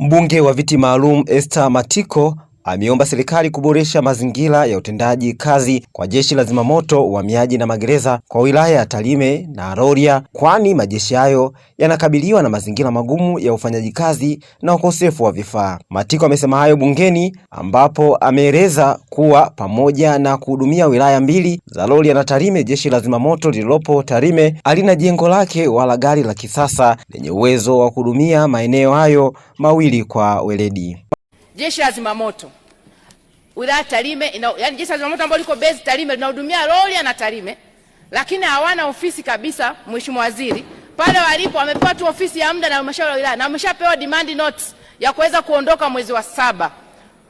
Mbunge wa viti maalum Esther Matiko ameomba serikali kuboresha mazingira ya utendaji kazi kwa jeshi la zimamoto, uhamiaji na magereza kwa wilaya ya Tarime na Rorya, kwani majeshi hayo yanakabiliwa na mazingira magumu ya ufanyaji kazi na ukosefu wa vifaa. Matiko amesema hayo bungeni ambapo ameeleza kuwa pamoja na kuhudumia wilaya mbili za Rorya na Tarime, jeshi la zimamoto lililopo Tarime halina jengo lake wala gari la kisasa lenye uwezo wa kuhudumia maeneo hayo mawili kwa weledi. Jeshi la Zimamoto wilaya Tarime ina, yani jeshi la Zimamoto ambalo liko base Tarime linahudumia Rorya na Tarime, lakini hawana ofisi kabisa. Mheshimiwa Waziri, pale walipo wamepewa tu ofisi ya muda na halmashauri ya wilaya na wameshapewa demand notes ya kuweza kuondoka mwezi wa saba.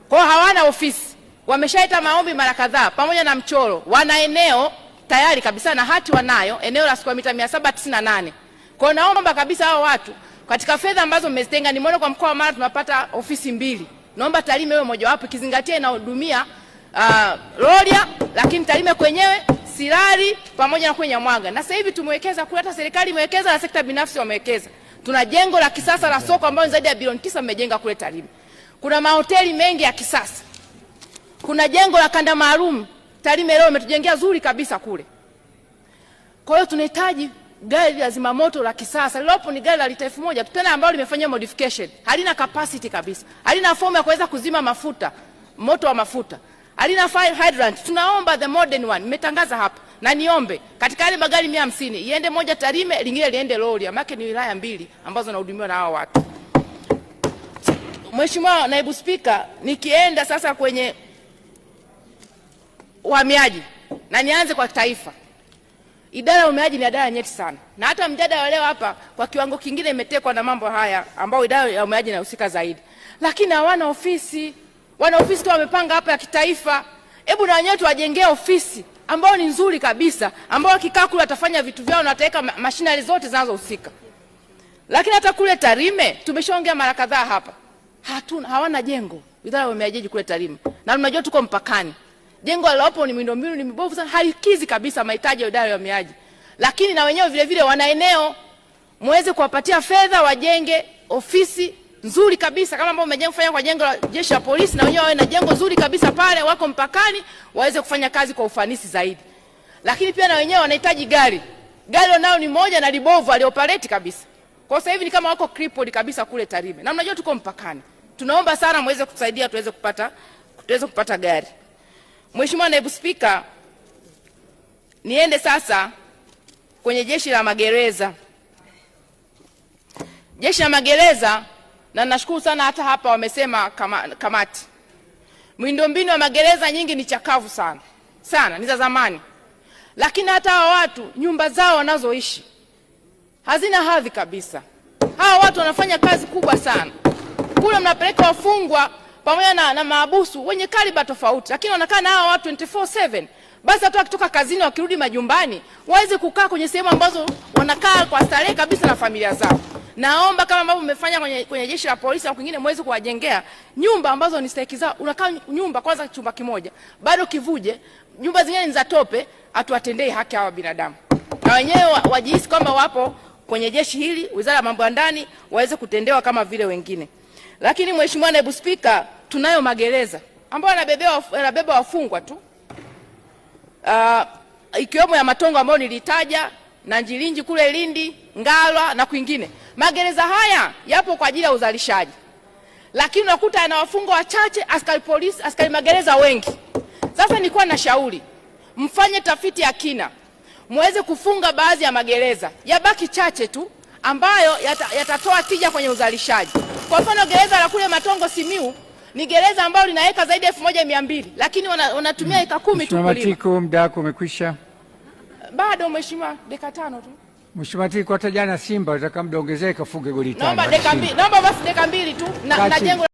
Kwa hawana ofisi, wameshaita maombi mara kadhaa pamoja na mchoro, wana eneo tayari kabisa na hati wanayo eneo la square mita 798. Kwa hiyo naomba kabisa hao watu katika fedha ambazo mmezitenga, nimeona kwa mkoa wa Mara tunapata ofisi mbili Naomba Tarime iwe mojawapo ikizingatia inahudumia uh, Rorya, lakini Tarime kwenyewe Sirari pamoja na kwenye Nyamwaga. Na sasa hivi tumewekeza kule, hata serikali imewekeza na sekta binafsi wamewekeza. Tuna jengo la kisasa la soko ambayo zaidi ya bilioni tisa mmejenga kule Tarime. Kuna mahoteli mengi ya kisasa. Kuna jengo la kanda maalum Tarime leo umetujengea zuri kabisa kule. Kwa hiyo tunahitaji gari la zimamoto la kisasa lilopo ni gari la lita elfu moja tena ambalo limefanyia modification, halina capacity kabisa, halina fomu ya kuweza kuzima mafuta moto wa mafuta, halina fire hydrant. Tunaomba the modern one, mmetangaza hapa na niombe katika yale magari mia hamsini iende moja Tarime, lingine liende Rorya, maana ni wilaya mbili ambazo zinahudumiwa na hao watu. Mheshimiwa Naibu Spika, nikienda sasa kwenye uhamiaji na nianze kwa taifa Idara ya umeaji ni idara nyeti sana, na hata mjadala wa leo hapa kwa kiwango kingine imetekwa na mambo haya ambayo idara ya umeaji inahusika zaidi, lakini hawana ofisi. Wana ofisi tu wamepanga hapa ya kitaifa. Hebu na wenyewe tuwajengee ofisi ambayo ni nzuri kabisa, ambayo wakikaa kule watafanya vitu vyao na wataweka mashinari zote zinazohusika. Lakini hata kule Tarime tumeshaongea mara kadhaa hapa, hatuna hawana jengo idara ya umeaji kule Tarime, na tunajua tuko mpakani Jengo lilopo ni miundombinu ni mibovu sana, halikizi kabisa mahitaji ya idara ya uhamiaji. Lakini na wenyewe vile vile wana eneo, muweze kuwapatia fedha wajenge ofisi nzuri kabisa kama ambao mmejenga kufanya kwa jengo la jeshi la polisi, na wenyewe wawe na jengo zuri kabisa pale, wako mpakani, waweze kufanya kazi kwa ufanisi zaidi. Lakini pia na wenyewe wanahitaji gari, gari nao ni moja na libovu, alioperate kabisa kwa sasa hivi ni kama wako crippled kabisa kule Tarime, na mnajua tuko mpakani. Tunaomba sana muweze kutusaidia tuweze kupata tuweze kupata gari. Mheshimiwa Naibu Spika, niende sasa kwenye jeshi la magereza. Jeshi la magereza, na nashukuru sana hata hapa wamesema kama, kamati miundombinu ya magereza nyingi ni chakavu sana sana, ni za zamani, lakini hata hawa watu nyumba zao wanazoishi hazina hadhi kabisa. Hawa watu wanafanya kazi kubwa sana, kule mnapeleka wafungwa pamoja na, na maabusu wenye kaliba tofauti, lakini wanakaa na hawa watu 24/7. Basi hata wakitoka kazini wakirudi majumbani waweze kukaa kwenye sehemu ambazo wanakaa kwa starehe kabisa na familia zao. Naomba kama ambavyo mmefanya kwenye, kwenye jeshi la polisi au kwingine mweze kuwajengea nyumba ambazo ni stahiki zao. Unakaa nyumba kwanza, chumba kimoja bado kivuje, nyumba zingine ni za tope. Hatuwatendei haki hawa binadamu, na wenyewe wajihisi kwamba wapo kwenye jeshi hili, wizara ya mambo ya ndani, waweze kutendewa kama vile wengine. Lakini Mheshimiwa Naibu Spika, tunayo magereza ambayo yanabeba wafungwa tu uh, ikiwemo ya Matongo ambayo nilitaja na Njilinji kule Lindi, Ngalwa na kwingine. Magereza haya yapo kwa ajili ya uzalishaji, lakini unakuta yana wafungwa wachache, askari polisi, askari magereza wengi. Sasa nilikuwa na shauri mfanye tafiti ya kina, muweze kufunga baadhi ya magereza, yabaki chache tu ambayo yatatoa yata tija kwenye uzalishaji. Kwa mfano gereza la kule Matongo Simiu ni gereza ambalo linaweka zaidi ya elfu moja mia mbili lakini wanatumia eka kumi tu. Mheshimiwa Matiku, muda wako umekwisha. Bado mheshimiwa, dakika tano tu. Mheshimiwa hata jana Simba utaka muda ongezeka, goli tano. Naomba basi dakika mbili tu na, na jengo